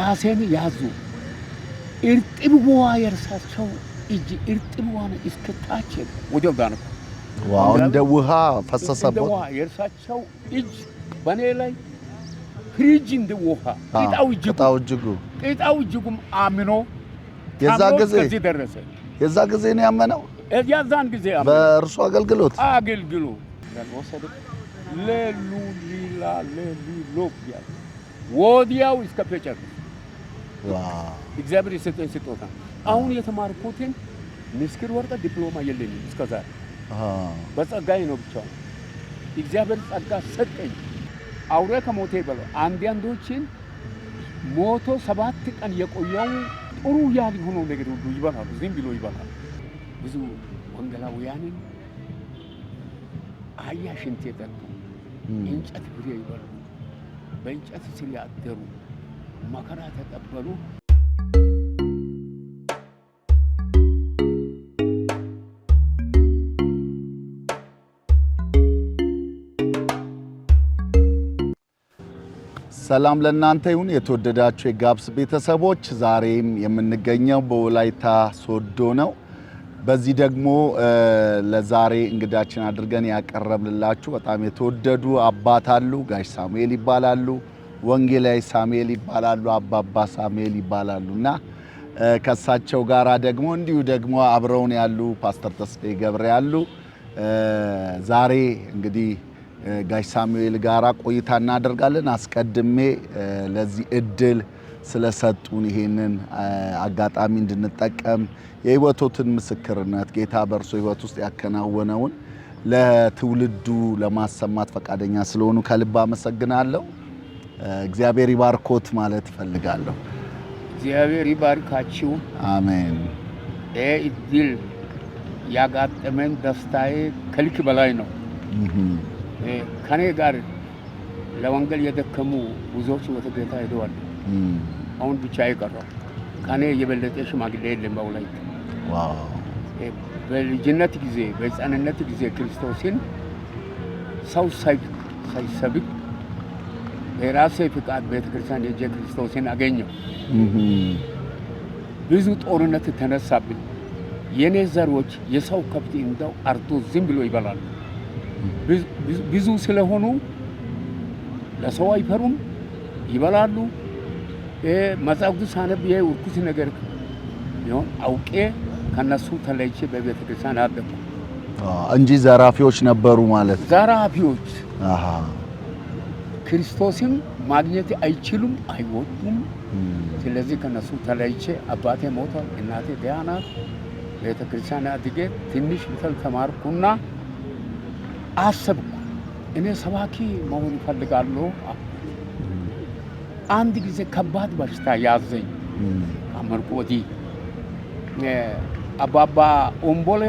ራሴን ያዙ። እርጥብ ውሃ የእርሳቸው እጅ እርጥብ ውሃ እስከ ታች ወዲያው ጋር እንደ ውሃ ፈሰሰበት። የእርሳቸው እጅ በእኔ ላይ ፍሪጅ እንደ ውሃ ቂጣው እጅጉ ቂጣው እጅጉም አምኖ የዛ ጊዜ ከዚህ ደረሰ። የዛ ጊዜ ነው ያመነው። የዛን ጊዜ በእርሱ አገልግሎት አገልግሎት ወሰደ። ለሉ ሊላ ሌሉ ሎክ ያለ ወዲያው እስከ ጨረሰ። እግዚአብሔር የሰጠኝ ስጦታ። አሁን የተማርኩትን ምስክር ወረቀት ዲፕሎማ የለኝም እስከዛሬ በጸጋዬ ነው ብቻ እግዚአብሔር ጸጋ ሰጠኝ። አውሬ ከሞቴ በለው አንዳንዶችን ሞቶ ሰባት ቀን የቆየው ጥሩ ያልሆነው ነገር ሁሉ ይበላሉ፣ ዝም ብሎ ይበላሉ። ብዙ ወንጌላውያንን አህያ ሽንት የጠጡ እንጨት ፍሬ ይበሉ፣ በእንጨት ስር ያደሩ መከራ ተቀበሉ። ሰላም ለእናንተ ይሁን የተወደዳችሁ የጋብስ ቤተሰቦች፣ ዛሬም የምንገኘው በወላይታ ሶዶ ነው። በዚህ ደግሞ ለዛሬ እንግዳችን አድርገን ያቀረብንላችሁ በጣም የተወደዱ አባት አሉ። ጋሽ ሳሙኤል ይባላሉ። ወንጌላዊ ሳሙኤል ይባላሉ፣ አባባ ሳሙኤል ይባላሉ እና ከእሳቸው ጋራ ደግሞ እንዲሁ ደግሞ አብረውን ያሉ ፓስተር ተስፋዬ ገብረ ያሉ ዛሬ እንግዲህ ጋሽ ሳሙኤል ጋራ ቆይታ እናደርጋለን። አስቀድሜ ለዚህ እድል ስለሰጡን ይሄንን አጋጣሚ እንድንጠቀም የሕይወቶትን ምስክርነት ጌታ በእርሶ ህይወት ውስጥ ያከናወነውን ለትውልዱ ለማሰማት ፈቃደኛ ስለሆኑ ከልብ አመሰግናለሁ። እግዚአብሔር ይባርኮት ማለት እፈልጋለሁ። እግዚአብሔር ይባርካችሁ። አሜን። እድል ያጋጠመን ደስታዬ ከልክ በላይ ነው። ከኔ ጋር ለወንጌል የደከሙ ብዙዎች ወደ ጌታ ሄደዋል። አሁን ብቻ አይቀረው። ከኔ የበለጠ ሽማግሌ የለም በውላይ በልጅነት ጊዜ በህፃንነት ጊዜ ክርስቶስን ሰው ሳይሰብክ በራሴ ፍቃድ ቤተክርስቲያን ሄጄ ክርስቶስን አገኘው። ብዙ ጦርነት ተነሳብኝ። የእኔ ዘሮች የሰው ከብት እንደው አርቶ ዝም ብሎ ይበላሉ። ብዙ ስለሆኑ ለሰው አይፈሩም፣ ይበላሉ። መጽሐፍ ቅዱስ አነብ እርኩስ ነገር ቢሆን አውቄ ከነሱ ተለይቼ በቤተ ክርስቲያን አደኩ እንጂ ዘራፊዎች ነበሩ ማለት ዘራፊዎች ክርስቶስን ማግኘት አይችሉም፣ አይወጡም። ስለዚህ ከነሱ ተለይቼ አባቴ ሞቷል፣ እናቴ ደህና ናት። ቤተ ክርስቲያን አድጌ ትንሽ ብተል ተማርኩና አሰብኩ፣ እኔ ሰባኪ መሆን እፈልጋለሁ። አንድ ጊዜ ከባድ በሽታ ያዘኝ። አመርቁ ወዲህ አባባ ኦምቦሌ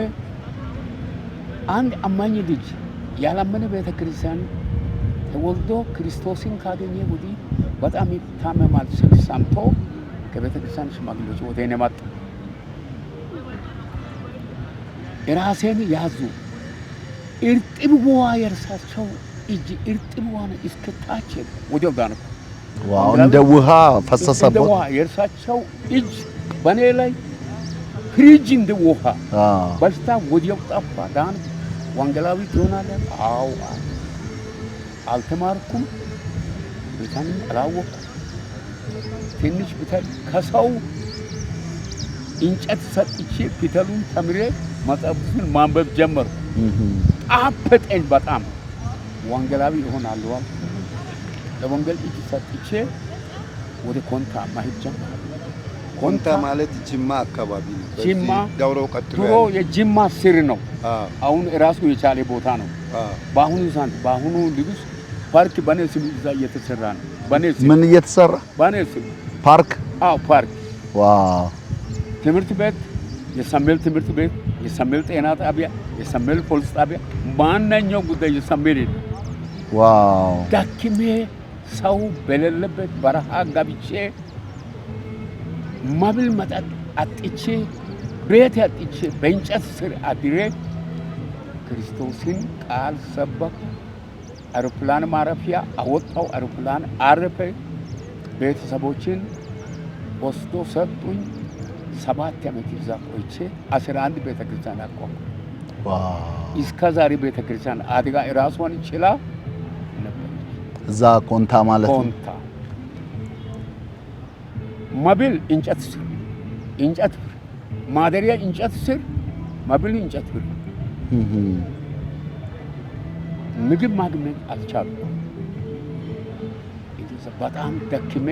አንድ አማኝ ልጅ ያላመነ ቤተ ክርስቲያን ተወልዶ ክርስቶስን ካገኘ ወዲህ በጣም ይታመማል ስል ሰምቶ ከቤተ ክርስቲያን ሽማግሌዎች ወደ እኔ መጡ። ራሴን ያዙ። እርጥብ ውሃ የእርሳቸው እጅ እርጥብ ውሃ እስከ ጣች ወዲያው ዳንኩ። እንደ ውሃ ፈሰሰበት። የእርሳቸው እጅ በእኔ ላይ ፍሪጅ እንደ ውሃ በሽታ ወዲያው ጠፋ፣ ዳን ወንጌላዊ ትሆናለህ? አዎ አለ። አልተማርኩም፣ ብተንም አላወቅኩም። ትንሽ ብተን ከሰው እንጨት ሰጥቼ ፊደሉን ተምሬ መጽሐፉን ማንበብ ጀመር። ጣፈጠኝ በጣም ወንጌላዊ እሆናለሁ። ለወንጌል እጅ ሰጥቼ ወደ ኮንታ ማሄድ ጀመሩ። ኮንታ ማለት ጅማ አካባቢ ነው። ጅማ ዳውሮ ቀጥሎ ድሮ የጅማ ስር ነው። አሁን ራሱ የቻለ ቦታ ነው። በአሁኑ ሰዓት በአሁኑ ልብስ ፓርክ በኔ ስም እዛ እየተሰራ ነው። በኔ ስም ምን እየተሰራ? በኔ ስም ፓርክ። አዎ ፓርክ። ዋው! ትምህርት ቤት የሳሙኤል ትምህርት ቤት፣ የሳሙኤል ጤና ጣቢያ፣ የሳሙኤል ፖሊስ ጣቢያ፣ ማንኛውም ጉዳይ የሳሙኤል ነው። ዋው! ዳክሜ ሰው በሌለበት በረሃ ጋብቼ መብል መጠጥ አጥቼ ቤት አጥቼ በእንጨት ስር አድሬ ክርስቶስን ቃል ሰበኩ። አውሮፕላን ማረፊያ አወጣው። አውሮፕላን አረፈ። ቤተሰቦችን ወስዶ ሰጡኝ። ሰባት ዓመት ይዛ ቆይቼ አስራ አንድ ቤተ ክርስቲያን አቋቋምኩ። እስከ ዛሬ ቤተ ክርስቲያን አድጋ ራሷን ይችላ እዛ ኮንታ ማለት ኮንታ መብል እንጨት ስር እንጨት ማደሪያ እንጨት ስር መብል እንጨት ብር ምግብ ማግኘት አልቻልኩም። በጣም ደክሜ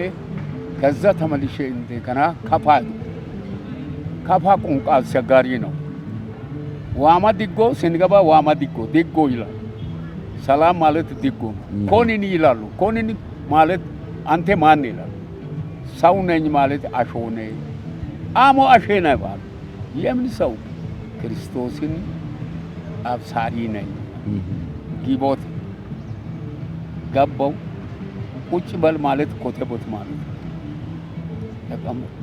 ከዛ ተመልሼ እንደገና ካፋ ካፋ ቋንቋ አስቸጋሪ ነው። ዋማ ዲጎ ስንገባ ዋማ ዲጎ ዲጎ ይላል። ሰላም ማለት ዲጎ ኮኒኒ ይላሉ። ኮኒኒ ማለት አንተ ማን ይላል። ሰው ነኝ ማለት አሾነ አሞ አሼነ ባል የምን ሰው ክርስቶስን አብሳሪ ነኝ ዲቦት ገባው። ቁጭ በል ማለት ኮቴ ማለት ተቀምጥ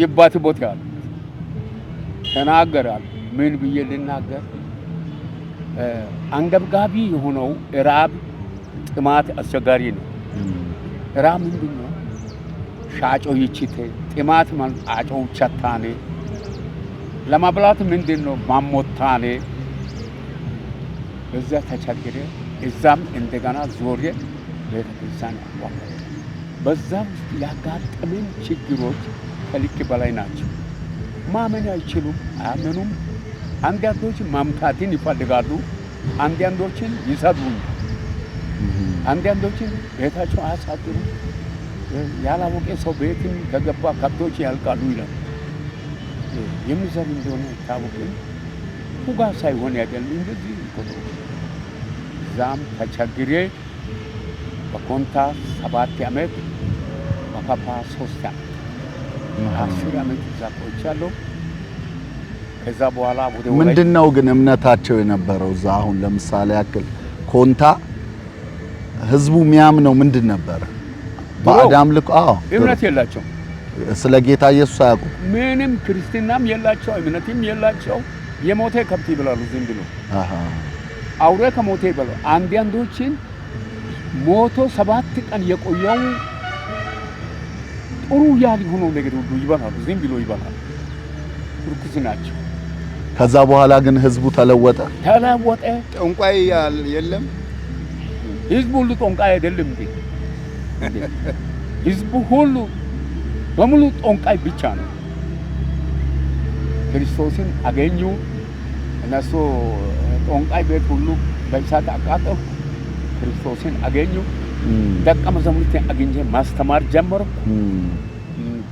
ይባት ቦት ያለ ተናገራል። ምን ብዬ ልናገር? አንገብጋቢ የሆነው ራብ፣ ጥማት አስቸጋሪ ነው። ራብ ምንድን ነው? ሻጮ ይችቴ ጥማት ማለት አጮው ቸታኔ ለማብላት ምንድን ነው ማሞታኔ በዛ ተቸግሬ እዛም እንደገና ዞሬ ቤተክርስቲያን አቋቋ በዛ ውስጥ ያጋጠመን ችግሮች ከልክ በላይ ናቸው። ማመን አይችሉም፣ አያመኑም። አንዳንዶች ማምታትን ይፈልጋሉ፣ አንዳንዶችን ይሰድቡኝ፣ አንዳንዶችን ቤታቸው አያሳድሩ፣ ያላወቀ ሰው ቤትን ከገባ ከብቶች ያልቃሉ ይላል። የሚዘር እንደሆነ አይታወቅም። ሁጋ ሳይሆን ያገል እንደዚህ ከዛም ተቸግሬ በኮንታ ሰባት ዓመት በፓፓ ሶስት ዓመት አስር ዓመት እዛ ቆይቻለሁ። ከዛ በኋላ ወደ ምንድን ነው ግን እምነታቸው የነበረው እዛ አሁን ለምሳሌ ያክል ኮንታ ህዝቡ የሚያምነው ምንድን ነበረ? በአዳም አምልኮ? አዎ እምነት የላቸው ስለ ጌታ ኢየሱስ አያውቁ። ምንም ክርስትናም የላቸው እምነትም የላቸው። የሞተ ከብት ይብላሉ ዝም ብሎ አውሬ ከሞቴ በለው አንዳንዶችን ሞቶ ሰባት ቀን የቆየው ጥሩ ያል ሆኖ ነገር ሁሉ ይበላሉ፣ ዝም ብሎ ይበላሉ። ርኩስ ናቸው። ከዛ በኋላ ግን ህዝቡ ተለወጠ ተለወጠ። ጠንቋይ የለም ህዝቡ ሁሉ ጠንቋይ አይደለም እንዴ? ህዝቡ ሁሉ በሙሉ ጠንቋይ ብቻ ነው። ክርስቶስን አገኙ። እነሱ ጦንቃይ ቤት ሁሉ በእሳት አቃጠሉ። ክርስቶስን አገኙ። ደቀ መዛሙርትን አግኝቼ ማስተማር ጀመሩ።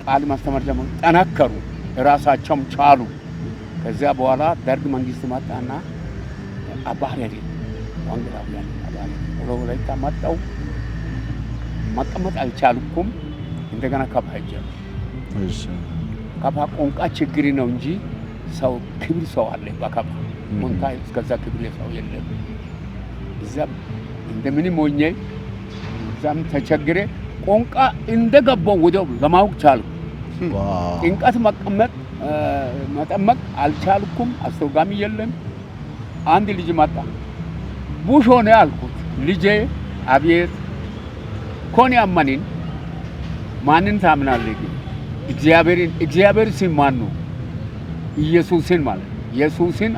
ቃል ማስተማር ጀመሩ። ጠነከሩ፣ ራሳቸውም ቻሉ። ከዚያ በኋላ ደርግ መንግስት መጣና አባህሪ ወንጌላውያን አባህሪ ወለወላይታ መጣው። መቀመጥ አልቻልኩም። እንደገና ከባ ጀመሩ። ከባ ቋንቋ ችግር ነው እንጂ ሰው ክብር ሰው አለ በአካባ ሞንታ እስከዛ ክብር ሰው የለም። እዛም እንደምንም ሆኜ እዛም ተቸግሬ ቋንቋ እንደገባው ወዲያው ለማወቅ ቻሉ። ጭንቀት መቀመጥ መጠመቅ አልቻልኩም። አስተርጓሚ የለም። አንድ ልጅ መጣ። ቡሽ ሆነ አልኩት። ልጄ አቤት ኮን ያመኒን ማንን ታምናለህ? እግዚአብሔርን። እግዚአብሔር ሲማን ነው ኢየሱስን ማለት ኢየሱስን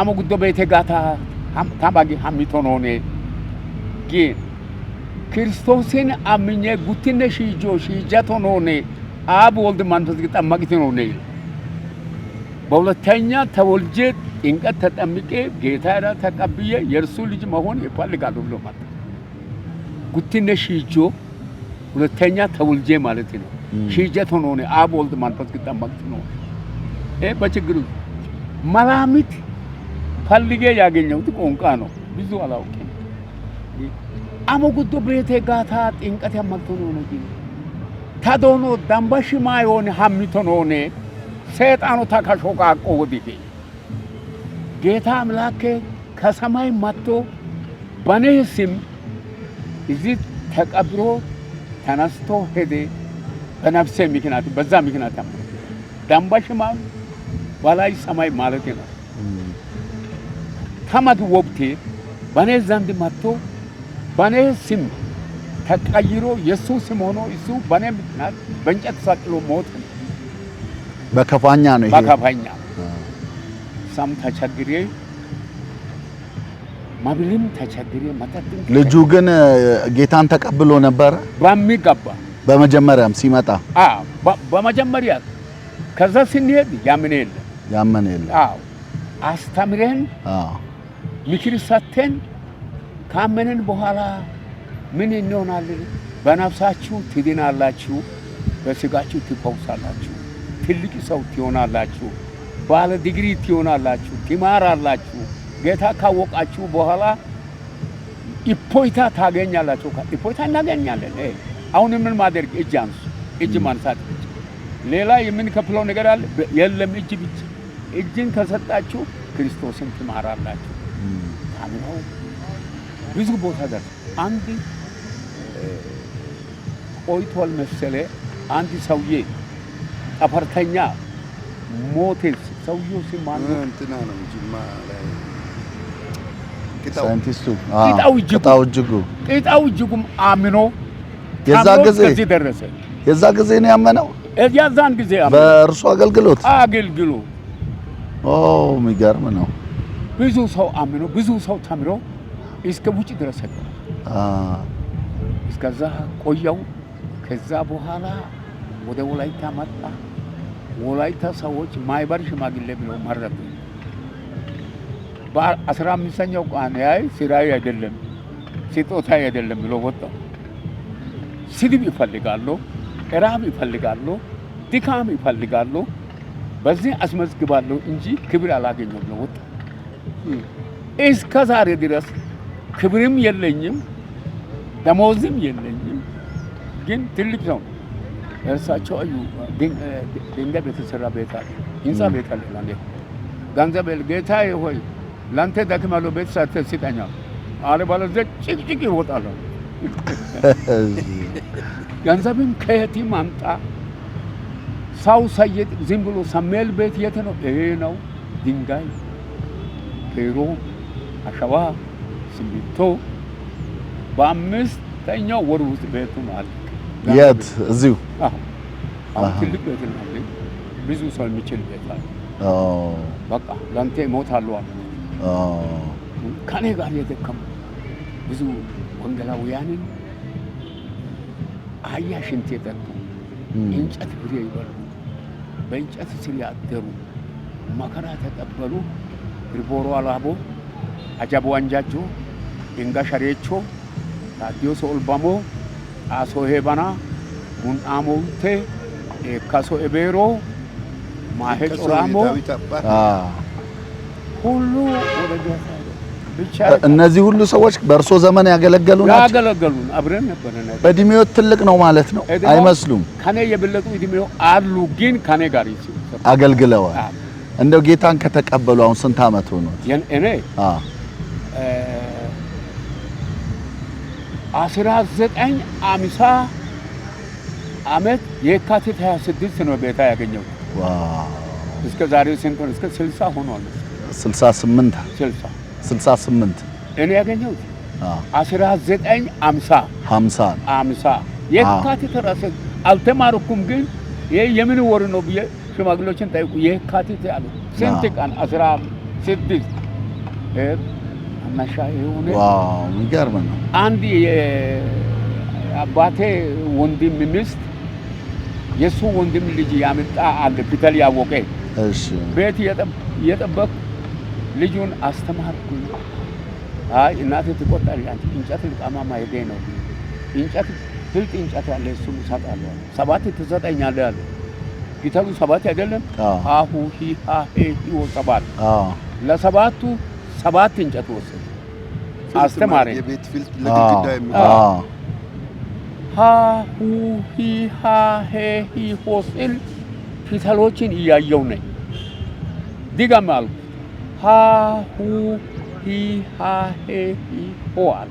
አሞ ጉዶ ቤቴ ጋታ ታባጊ ሀሚቶኖኔ ግን ክርስቶስን አምኜ ጉትነ ሽጆ ሽጃቶኖኔ አብ ወልድ መንፈስ ቅዱስ ጠማቂቶኖኔ በሁለተኛ ተወልጄ ጥምቀት ተጠምቄ ጌታ ዳ ተቀብዬ የእርሱ ልጅ መሆን ይፈልጋሉ ብሎ ማለት ጉትነ ሽጆ ሁለተኛ ተውልጄ ማለት ነው። ሽጀት ሆኖ ነው አብ ወልድ መንፈስ ቅዱስ ማለት ነው። ይሄ በችግሩ መላምት ፈልጌ ያገኘሁት ቋንቋ ነው። ብዙ አላውቅም። አመጉዶ ብሬቴ ጋታ ጥንቀት ያመልቶ ነው ነው ግን ታዶኖ ዳምባሽማ የሆነ ሀሚቶ ነው ነው ሰይጣኑ ተከሾቃቆ ወዲህ ጌታ አምላኬ ከሰማይ መጥቶ በኔ ስም እዚህ ተቀብሮ ተነስቶ ሄደ። በነፍሴ ምክንያት በዛ ምክንያት ያመ ዳምባሽማ በላይ ሰማይ ማለት ነው። ከመት ወቅቴ በኔ ዘንድ መጥቶ በኔ ስም ተቀይሮ የሱ ስም ሆኖ እሱ በኔ ምክንያት በእንጨት ተሳቅሎ ሞት በከፋኛ ነው ይሄ በከፋኛ ሰም ተቸግሬ መብልም ተቸግሬ መጠጥም ልጁ ግን ጌታን ተቀብሎ ነበረ በሚገባ በመጀመሪያም ሲመጣ በመጀመሪያ ከዛ ስንሄድ ያምን የለ ያምን የለ አስተምረን ምክር ሰጥተን ካመንን በኋላ ምን እንሆናለን? በነፍሳችሁ ትድናላችሁ፣ በስጋችሁ ትፈውሳላችሁ፣ ትልቅ ሰው ትሆናላችሁ፣ ባለ ዲግሪ ትሆናላችሁ፣ ትማራላችሁ ጌታ ካወቃችሁ በኋላ ኢፖይታ ታገኛላችሁ። ኢፖይታ እናገኛለን። አሁን ምን ማድረግ? እጅ አንሱ፣ እጅ ማንሳት። ሌላ የምንከፍለው ነገር አለ? የለም። እጅ ብቻ እጅን ከሰጣችሁ ክርስቶስን ትማራላችሁ። ታምነው ብዙ ቦታ ደር አንድ ቆይቷል መሰለ አንድ ሰውዬ ጠፈርተኛ ሞቴል ሰውዬው ሲማ እንትና ነው ጅማ ላይ ሳይንቲስቱ ቂጣው እጅጉ ቂጣው እጅጉም አምኖ የዛ ጊዜ ደረሰ። የዛ ጊዜ ነው ያመነው። የዛን ጊዜ አመነ በእርሱ አገልግሎት አገልግሎ ኦ የሚገርም ነው። ብዙ ሰው አምኖ ብዙ ሰው ተምሮ እስከ ውጭ ድረስ ሄደ። እስከዛ ቆየው። ከዛ በኋላ ወደ ወላይታ መጣ። ወላይታ ሰዎች ማይበር ሽማግሌ ብለው በአስራ አምስተኛው ቀን ያይ ስራዬ አይደለም ስጦታዬ አይደለም ብሎ ወጣው። ስድብ ይፈልጋሉ፣ ራብ ይፈልጋሉ፣ ድካም ይፈልጋሉ። በዚህ አስመዝግባለሁ እንጂ ክብር አላገኘም ብሎ ወጣ። እስከ ዛሬ ድረስ ክብርም የለኝም ደሞዝም የለኝም፣ ግን ትልቅ ነው። እርሳቸው አዩ ድንጋይ ቤተሰራ ቤት አለ፣ ህንፃ ቤት አለ። ገንዘብ ጌታ ሆይ ለአንተ ደክማለሁ፣ ቤት ሳትስጠኛል። አለበለዚያ ጭቅጭቅ ይወጣለሁ። ገንዘብን ከየት ማምጣ? ሰው ሰይጥ ዝም ብሎ ሰሜል ቤት የት ነው? ይሄ ነው ድንጋይ፣ ፌሮ፣ አሸዋ፣ ስሚንቶ በአምስተኛው ወር ውስጥ ቤቱ ማለት የት እዚሁ አሁን ትልቅ ቤት ብዙ ሰው የሚችል ቤት አለ። በቃ ለአንተ ሞት አለዋል ከኔ ጋር የደከሙ ብዙ ወንጌላውያንን አህያ ሽንት የጠጡ እንጨት ብሬ ይበሉ በእንጨት ስር ያደሩ መከራ ተቀበሉ። ሪቦሮ አላቦ አጃቦ አንጃቾ ድንጋ ሸሬቾ ታዲዮስ ኦልባሞ ጣሶ ሄበና ጉንአሞውቴ ኤካሶ ኤቤሮ ማሄ ጮራሞ ሁሉ እነዚህ ሁሉ ሰዎች በእርሶ ዘመን ያገለገሉ ናቸው? ያገለገሉን አብረን ነበር። በእድሜዎት ትልቅ ነው ማለት ነው? አይመስሉም። ከኔ የበለጡ እድሜው አሉ፣ ግን ከኔ ጋር አገልግለዋል። እንደው ጌታን ከተቀበሉ አሁን ስንት አመት ሆኖት? እኔ አስራ ዘጠኝ አምሳ አመት የካቲት 26 ነው ቤታ ያገኘው። እስከ ዛሬው ስንት ሆነ? እስከ 60 ሆኗል። 68 68 እኔ ያገኘሁት 1950 50 50 የካቲት ራስ አልተማርኩም፣ ግን ይሄ የምን ወር ነው ብዬ ሽማግሌዎችን ጠይቁ። የካቲት ያሉ ስንት ቀን? 16 አናሻ የሆነ የሚገርም ነው። አንድ አባቴ ወንድም ሚስት የእሱ ወንድም ልጅ ያመጣ አለ ፊተል ያወቀ ቤት እየጠበቅኩ ልጁን አስተማርኩኝ። አይ እናቴ ትቆጣለች፣ አንቺ እንጨት ልቃማ ማሄዴ ነው እንጨት ብልጥ እንጨት ያለ እሱም እሰጣለሁ አለ። ሰባት ትሰጠኛለህ አለ። ጊታሩ ሰባት አይደለም አሁ ሂሃ ሂዎ ሰባት ለሰባቱ ሰባት እንጨት ወሰድ አስተማረኝ። ሀሁ ሂሃ ሂሆ ስል ፊተሎችን እያየው ነኝ። ድገም አልኩ ሀ ሁ ሂ ሃ ሄ ሂ ሆ አለ።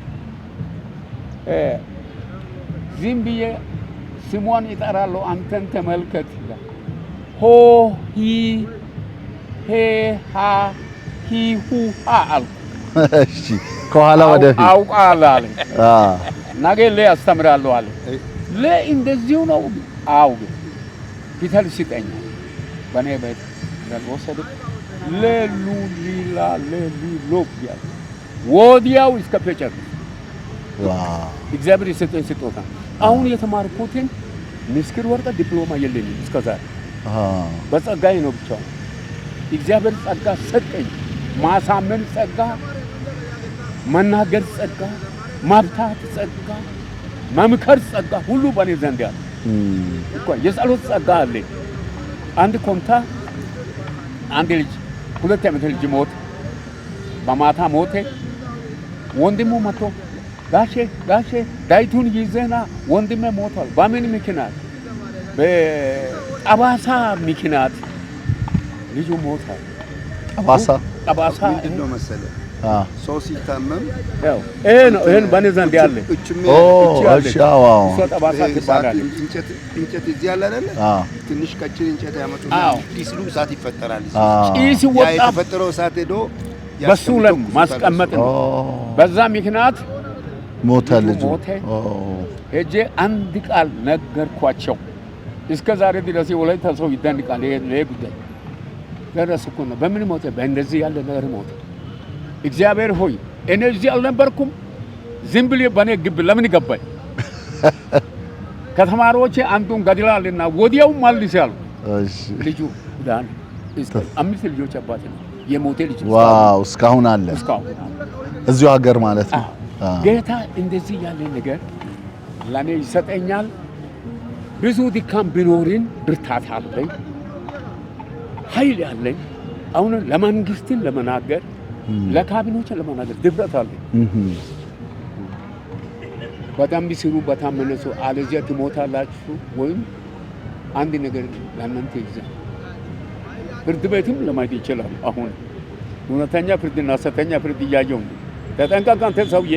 ዝም ብዬ ስሟን ይጠራለሁ አንተን ተመልከት ይላል። ሆ ሂ ሄ ሃ ሂ ሁ ሃ አልኩ። እሺ ከኋላ ወደፊት አውቃለሁ አለ። ነገ አስተምራለሁ አለ። እንደዚሁ ነው። አው ፊተል ሲጠኛ በእኔ ቤት ወሰደ ለሉሊላ ለሊሎያ ወዲያው እግዚአብሔር የሰጠኝ ስጦታ። አሁን የተማርኩትን ምስክር ወረቀት ዲፕሎማ የለኝም እስከዛሬ በጸጋዬ ነው ብቻ እግዚአብሔር ጸጋ ሰጠኝ። ማሳመን ጸጋ፣ መናገር ጸጋ፣ ማብታት ጸጋ፣ መምከር ጸጋ ሁሉ በእኔ ዘንድ ያለ እኮ የጸሎት ጸጋ አለ። አንድ ኮምታ አንድ ልጅ ሁለት ዓመት ልጅ ሞት በማታ ሞቴ። ወንድሙ መጥቶ ጋሼ ጋሼ ዳይቱን ይዘና ወንድሜ ሞቷል። በምን ምክንያት? በጠባሳ ምክንያት ልጁ ሞቷል። ጠባሳ ጠባሳ ምንድን ነው መሰለህ ሰው ሲታመም ያው ይሄ ነው። ይሄን በኔ ኦ አሻዋው አዎ፣ ትባላለች። እንጨት እንጨት እዚህ ያለ ትንሽ ቀጭን እንጨት ያመጡና ጢሱ እሳት ይፈጠራል። ጢስ ወጣ፣ የተፈጠረው እሳት ሄዶ በሱ ላይ ማስቀመጥ ነው። በዛ ምክንያት ሞተ ልጁ። ሄጄ አንድ ቃል ነገርኳቸው። እስከ ዛሬ ድረስ ወላይታ ሰው ይደንቃል። ይሄ ጉዳይ ደረስኩ ነው። በምን ሞተ? በእንደዚህ ያለ ነገር ሞተ። እግዚአብሔር ሆይ እኔ እዚህ አልነበርኩም፣ ዝም ብሎ በእኔ ግብ ለምን ገባኝ? ከተማሪዎቼ አንዱን ገድላልና ወዲያው ማልስ ያሉ ልጁ አምስት ልጆች አባት ነው። የሞቴ ልጅ ዋው! እስካሁን አለ እዚሁ ሀገር ማለት ነው። ጌታ እንደዚህ ያለ ነገር ለእኔ ይሰጠኛል። ብዙ ድካም ቢኖርን ብርታት አለኝ፣ ኃይል አለኝ። አሁን ለመንግስትን ለመናገር ለካቢኖችን ለመናገር ድብረት አለ። በጣም ቢስሩ በጣም መለሱ። አለዚያ ትሞታላችሁ ወይም አንድ ነገር ለእናንተ ይዛል። ፍርድ ቤትም ለማየት ይችላል። አሁን እውነተኛ ፍርድና ሐሰተኛ ፍርድ እያየሁ ነው። ተጠንቀቅ አንተ ሰውዬ፣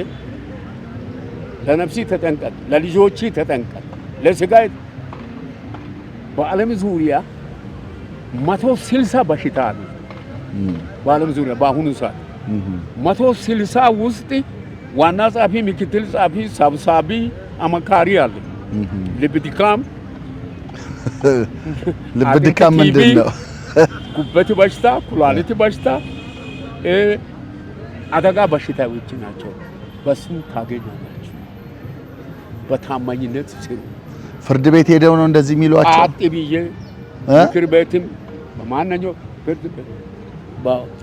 ለነፍሲ ተጠንቀቅ፣ ለልጆች ተጠንቀቅ፣ ለስጋይ በዓለም ዙሪያ መቶ ስልሳ በሽታ አለ በዓለም ዙሪያ በአሁኑ ሰዓት መቶ ስልሳ ውስጥ ዋና ጸሐፊ፣ ምክትል ጸሐፊ፣ ሰብሳቢ፣ አማካሪ አለ። ልብ ድካም ልብ ድካም ምንድን ነው? ጉበት በሽታ፣ ኩላሊት በሽታ፣ አደጋ በሽታዎች ናቸው። በስም ታገኛላችሁ። በታማኝነት ስሩ። ፍርድ ቤት ሄደው ነው እንደዚህ የሚሏቸው። አጥ ብዬ ምክር ቤትም በማንኛው ፍርድ ቤት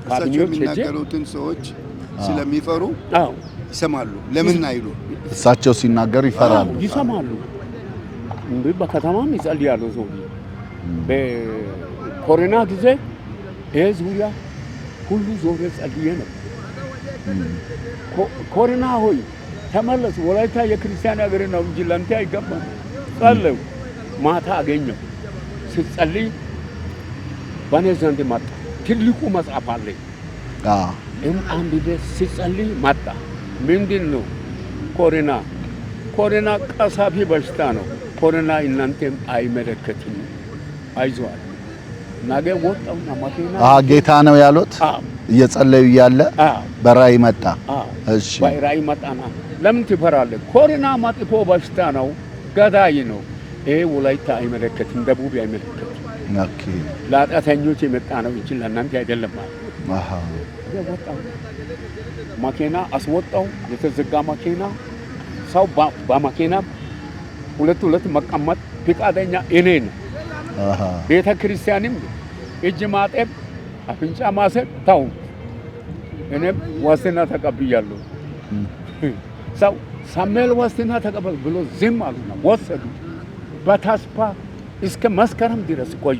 እሳቸው የሚናገሩትን ሰዎች ስለሚፈሩ ይሰማሉ። ለምን አይሉ እሳቸው ሲናገሩ ይፈራሉ፣ ይሰማሉ። በከተማም ይጸልያሉ። ሰው በኮሮና ጊዜ ይሄ ዙሪያ ሁሉ ዞረ ጸልዬ ነው። ኮሮና ሆይ ተመለሱ፣ ወላይታ የክርስቲያን ሀገር ነው እንጂ ለአንተ አይገባም። ጸለዩ፣ ማታ አገኘው። ስትጸልይ በእኔ ዘንድ መጣ ትልቁ መጽሐፍ አለ። ይህም አንድ ቤት ሲጸልይ መጣ። ምንድን ነው ኮሪና? ኮሪና ቀሳፊ በሽታ ነው። ኮሪና እናንተም አይመለከትም፣ አይዘዋል። ነገ ወጣውና መኪና ጌታ ነው ያሉት እየጸለዩ እያለ በራይ መጣ። እሺ በራእይ መጣና ለምን ትፈራለህ? ኮሪና መጥፎ በሽታ ነው፣ ገዳይ ነው። ይሄ ወላይታ አይመለከትም፣ ደቡብ አይመለከትም። ለኃጢአተኞች የመጣ ነው እንጂ ለእናንተ አይደለም አለ። መኪና አስወጣው። የተዘጋ መኪና ሰው በመኪና ሁለት ሁለት መቀመጥ ፍቃደኛ እኔ ነው። ቤተ ክርስቲያንም እጅ ማጠብ፣ አፍንጫ ማሰር ተው። እኔም ዋስትና ተቀብያለሁ። ሰው ሳሙኤል ዋስትና ተቀበል ብሎ ዝም አሉና ወሰዱ በተስፋ እስከ መስከረም ድረስ ቆዩ።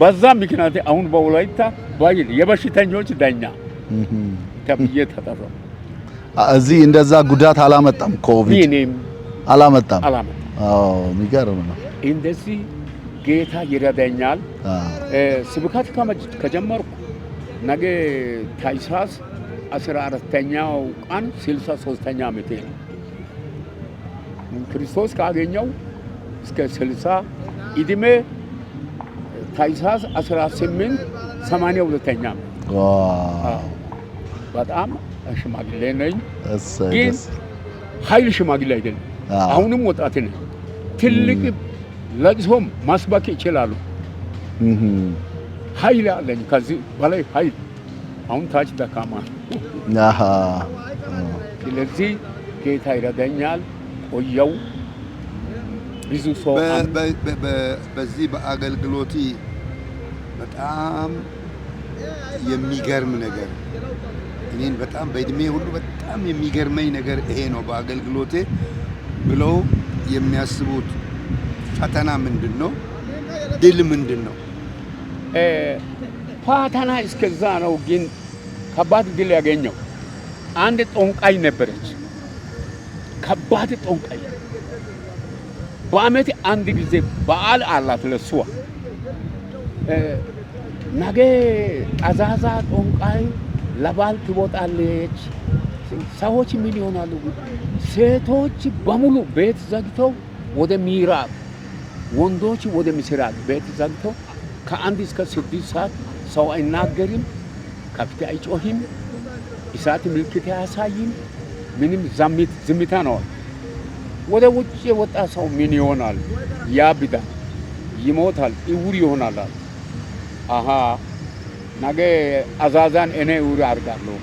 በዛ ምክንያት አሁን በወላይታ ባይል የበሽተኞች ዳኛ ተብዬ ተጠራ። እዚህ እንደዛ ጉዳት አላመጣም፣ ኮቪድ አላመጣም። አዎ የሚገርም ነው። እንደዚህ ጌታ ይረዳኛል። ስብከት ከጀመርኩ ነገ ታይሳስ አስራ አራተኛው ቀን ስልሳ ሶስተኛ ዓመቴ ነው። ክርስቶስ ካገኘው እስከ ስልሳ ኢድሜ ታይሳስ 18 82ኛ በጣም ሽማግሌ ነኝ፣ ግን ኃይል ሽማግሌ አይደለም። አሁንም ወጣት ነኝ። ትልቅ ለቅሶም ማስባክ ይችላሉ። ኃይል አለኝ፣ ከዚህ በላይ ኃይል። አሁን ታች ደካማ። ስለዚህ ጌታ ይረዳኛል። ቆየው ብዙ ሰው በዚህ በአገልግሎቴ በጣም የሚገርም ነገር እኔን በጣም በእድሜ ሁሉ በጣም የሚገርመኝ ነገር ይሄ ነው። በአገልግሎቴ ብለው የሚያስቡት ፈተና ምንድን ነው? ድል ምንድን ነው? ፈተና እስከዛ ነው፣ ግን ከባድ ድል ያገኘው አንድ ጠንቋይ ነበረች። ከባድ ጠንቋይ በአመት አንድ ጊዜ በዓል አላት ለሷ። ነገ ጠዛዛ ጦንቃይ ለባል ትወጣለች። ሰዎች ምን ይሆናሉ? ሴቶች በሙሉ ቤት ዘግተው ወደ ምዕራብ፣ ወንዶች ወደ ምስራቅ ቤት ዘግተው ከአንድ እስከ ስድስት ሰዓት ሰው አይናገርም፣ ከፍት አይጮህም፣ እሳት ምልክት አያሳይም። ምንም ዝምታ ነዋል። ወደ ውጭ የወጣ ሰው ምን ይሆናል? ያብዳል፣ ይሞታል፣ እውር ይሆናል። አሃ ነገ አዛዛን እኔ እውር አድርጋለሁ።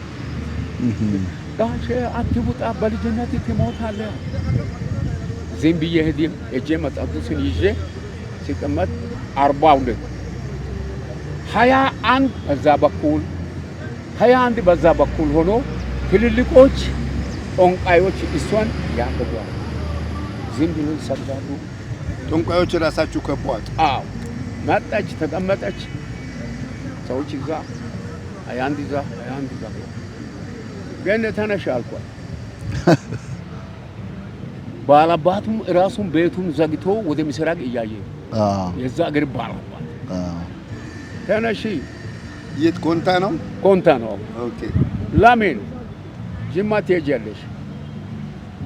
ጋሼ አትቡጣ፣ በልጅነት ትሞታለህ። ዝም ብዬ ሂድ እጄ መጣቱስን ይዤ ሲቀመጥ አርባ ሁለት ሀያ አንድ በዛ በኩል ሀያ አንድ በዛ በኩል ሆኖ ትልልቆች ጦንቃዮች እሷን ያገቧል። ዝም ብሎ ይሰግዳሉ። ራሳችሁ ከቧት። አዎ መጣች፣ ተቀመጠች። ሰዎች ይዛ አያንድ ይዛ አያንድ ይዛ ግን ተነሽ አልኳል። ባላባቱም ራሱን ቤቱን ዘግቶ ወደ ምስራቅ እያየ የዛ አገር ባላባት ተነሺ። የት ኮንታ ነው? ኮንታ ነው። ኦኬ፣ ጅማ ትሄጃለሽ።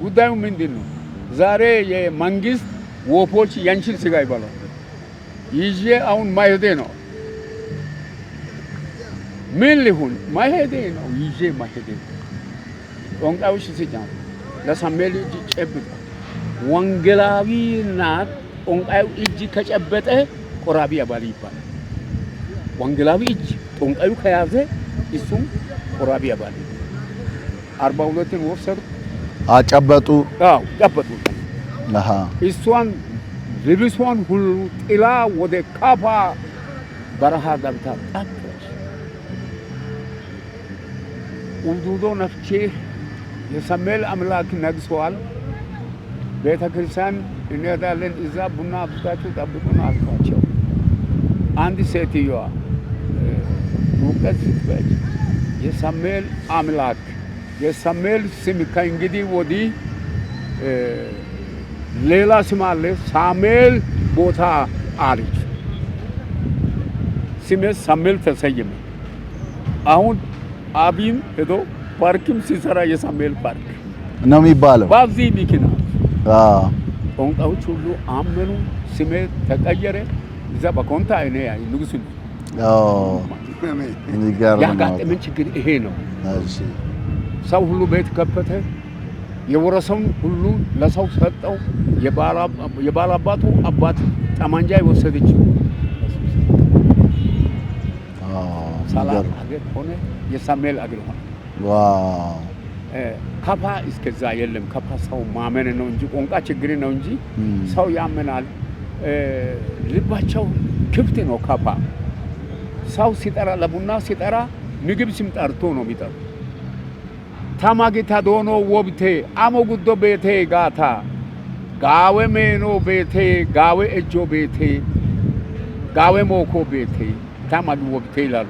ጉዳዩ ምንድን ነው? ዛሬ የመንግስት ወፎች ያንቺን ስጋ ይበላል። ይዤ አሁን ማሄዴ ነው። ምን ሊሁን ማሄዴ ነው። ይዤ ማሄዴ ነው። ቋንቋዎች ስጫ ለሳሜል እጅ ጨብጣ ወንጌላዊ ናት። ጦንቃዩ እጅ ከጨበጠ ቆራቢ አባል ይባላል። ወንጌላዊ እጅ ጦንቃዩ ከያዘ እሱም ቆራቢ አባል። አርባ ሁለትን ወፍ አጨበጡ። አዎ ጨበጡ። አሃ እሷን ልብሷን ሁሉ ጥላ ወደ ካፋ በረሃ ገብታ ጠበች። ውዱዶ ነፍቼ የሰሜል አምላክ ነግሰዋል ቤተ ክርስቲያን እንሄዳለን፣ እዛ ቡና አፍታችሁ ጠብቁን አልኳቸው። አንድ ሴትዮዋ ሙቀት ስትፈጭ የሰሜል አምላክ የሳሙኤል ስም ከእንግዲህ ወዲህ ሌላ ስም አለ። ሳሙኤል ቦታ አለች። ስሜ ሳሙኤል ተሰየመ። አሁን አቢም ሄዶ ፓርክም ሲሰራ የሳሙኤል ፓርክ ነው የሚባለው። በዚህ ምክንያት ቋንቋዎች ሁሉ አመኑ። ስሜ ተቀየረ። እዛ በኮንታ እኔ ንጉስ ያጋጠመን ችግር ይሄ ነው። ሰው ሁሉ ቤት ከፈተ፣ የወረሰውን ሁሉ ለሰው ሰጠው። የባላባቱ አባት ጠማንጃ የወሰደች ሰላም አገር ሆነ፣ የሳሙኤል አገር ሆነ። ከፋ እስከዛ የለም። ከፋ ሰው ማመን ነው እንጂ ቋንቋ ችግር ነው እንጂ ሰው ያመናል። ልባቸው ክፍት ነው። ከፋ ሰው ሲጠራ ለቡና ሲጠራ ምግብ ሲም ጠርቶ ነው የሚጠሩ tamaagita doono wobite amo guddo beete gaata gaawe meeno beete gaawe ejjo beete gaawe mooko beete tamadu wobite ይላሉ።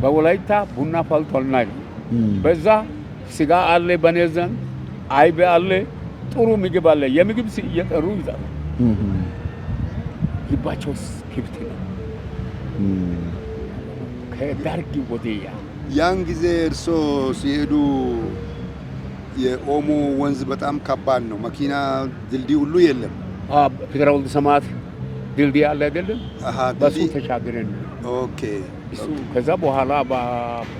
በወላይታ ቡና ፈልቶልናል። በዛ ስጋ አለ፣ በኔ ዘንድ አይብ አለ፣ ጥሩ ምግብ አለ። የምግብ እየጠሩ ይዛሉ። ልባቸውስ ክፍት ነው ከዳርግ ወዲያ ያን ጊዜ እርሶ ሲሄዱ የኦሞ ወንዝ በጣም ከባድ ነው። መኪና ድልድይ ሁሉ የለም። ፌደራል ወልድ ሰማያት ድልድይ አለ አይደለም? በሱ ተሻግረን ኦኬ ከዛ በኋላ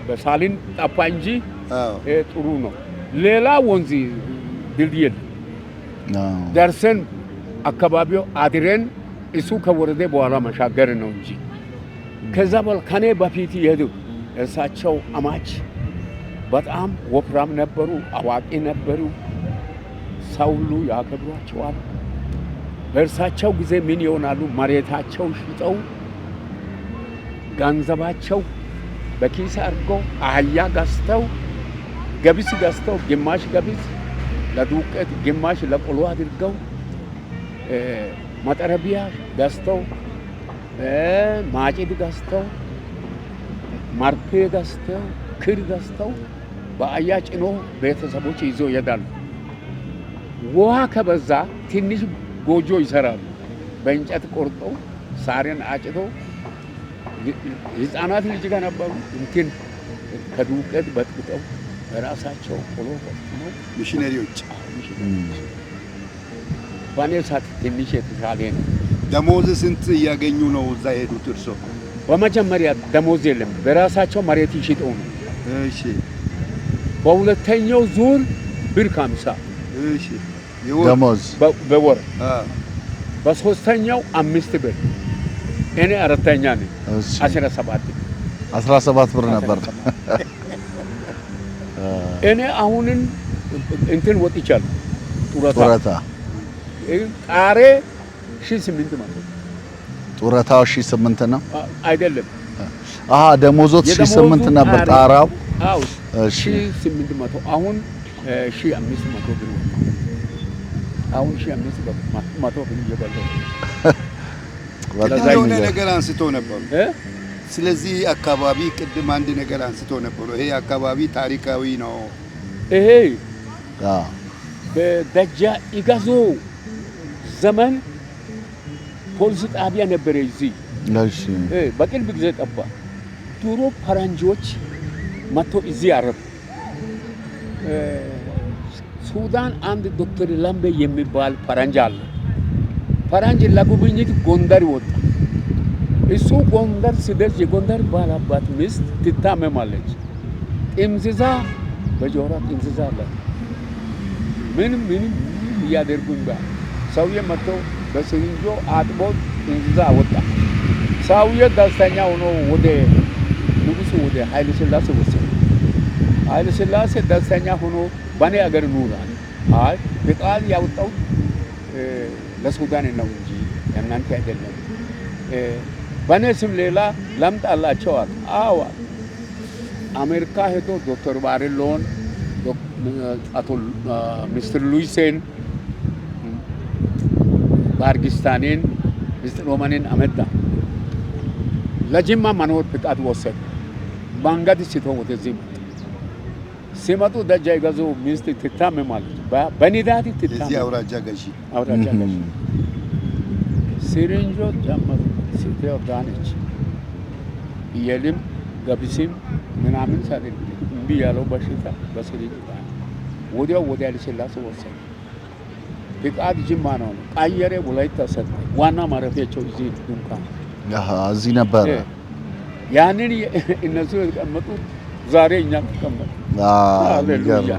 በሳሊን ጠፋ እንጂ ጥሩ ነው። ሌላ ወንዝ ድልድይ የለም። ደርሰን አካባቢው አድረን እሱ ከወረደ በኋላ መሻገር ነው እንጂ ከዛ ከኔ በፊት የሄዱ እርሳቸው አማች በጣም ወፍራም ነበሩ፣ አዋቂ ነበሩ። ሰው ሁሉ ያከብሯቸዋል። በእርሳቸው ጊዜ ምን ይሆናሉ? መሬታቸው ሽጠው ገንዘባቸው በኪስ አድርጎ አህያ ገዝተው ገብስ ገዝተው ግማሽ ገብስ ለዱቄት ግማሽ ለቆሎ አድርገው መጠረቢያ ገዝተው ማጭድ ገዝተው ማርፌ ገዝተው ክር ገዝተው በአያ ጭኖ ቤተሰቦች ይዘው ይሄዳሉ። ውሃ ከበዛ ትንሽ ጎጆ ይሰራሉ። በእንጨት ቆርጠው ሳርን አጭተው ህፃናት ልጅ ጋር ነበሩ እንትን ከዱቄት በጥብጠው ራሳቸው ቆሎ ሚሽነሪዎች በኔ ሳት ትንሽ የተሻለ ነው። ደሞዝ ስንት እያገኙ ነው እዛ ሄዱት እርሶ? በመጀመሪያ ደሞዝ የለም፣ በራሳቸው መሬት ይሽጡ ነው። እሺ። በሁለተኛው ዙር ብር ከሀምሳ እሺ፣ ደሞዝ በወር በሶስተኛው አምስት ብር እኔ አራተኛ ነኝ። አስራ ሰባት አስራ ሰባት ብር ነበር። እኔ አሁንን እንትን ወጥቻለሁ ጡረታ ቃሬ ሺህ ስምንት ማለት ነው ጡረታው ሺህ ስምንት ነው አይደለም? አሃ ደሞዞት ሺ ስምንት ነበር ጣራው። ሺ ስምንት መቶ አሁን ሺ አምስት መቶ ብር አሁን ሺ አምስት መቶ ብር እየበላሁ ቅድም የሆነ ነገር አንስቶ ነበሩ። ስለዚህ አካባቢ ቅድም አንድ ነገር አንስቶ ነበሩ። ይሄ አካባቢ ታሪካዊ ነው። ይሄ በደጃ ኢጋዞ ዘመን ፖሊስ ጣቢያ ነበረ እዚህ። እሺ በቅርብ ጊዜ ጠፋ። ድሮ ፈረንጆች መጥቶ እዚህ አረፉ። ሱዳን አንድ ዶክተር ላምቤ የሚባል ፈረንጅ አለ። ፈረንጅ ለጉብኝት ጎንደር ወጣ። እሱ ጎንደር ሲደርስ የጎንደር ባላባት ሚስት ትታመማለች። ጥምዝዛ በጆራ ጥምዝዛ አለ። ምን ምንም እያደርጉኝ ባ ሰውዬ መጥቶ በስሪንጆ አጥቦ እንዛ ወጣ። ሰውዬ ደስተኛ ሆኖ ወደ ንጉሱ ወደ ኃይለ ሥላሴ ወሰደ። ኃይለ ሥላሴ ደስተኛ ሆኖ በኔ አገር ኑራ፣ አይ ፍቃድ ያወጣው ለሱዳን ነው እንጂ እናንተ አይደለም፣ በኔ ስም ሌላ ለምጣላቸው አለ። አዎ አሜሪካ ሄዶ ዶክተር ባሬሎን አቶ ሚስትር ሉዊሴን ባርጊስታኔን ብስጥሮመኔን አመጣ። ለጅማ መኖር ፍቃድ ወሰዱ። መንገድ ስቶ ወደዚህ መጡ። ሲመጡ ደጃ ይገዙ ሚስት ትታመማለች፣ በኒዳት ትታመማለች። አውራጃ ገዢ አውራጃ ገዢ ሲሪንጆ ጀመሩ። ሴትዮ ዳነች። የልም ገብስም ምናምን ሳለ እምቢ ያለው በሽታ በሲሪንጆ ዳነ። ወዲያው ወደ ኃይለሥላሴ ወሰዱ። ፍቃድ ጅማ ነው። ቃየሬ ወላይታ ሰጠ። ዋና ማረፊያቸው እዚህ ድንኳን እዚህ ነበረ። ያንን እነሱ የተቀመጡት ዛሬ እኛም ተቀመጡ። ሃሌሉያ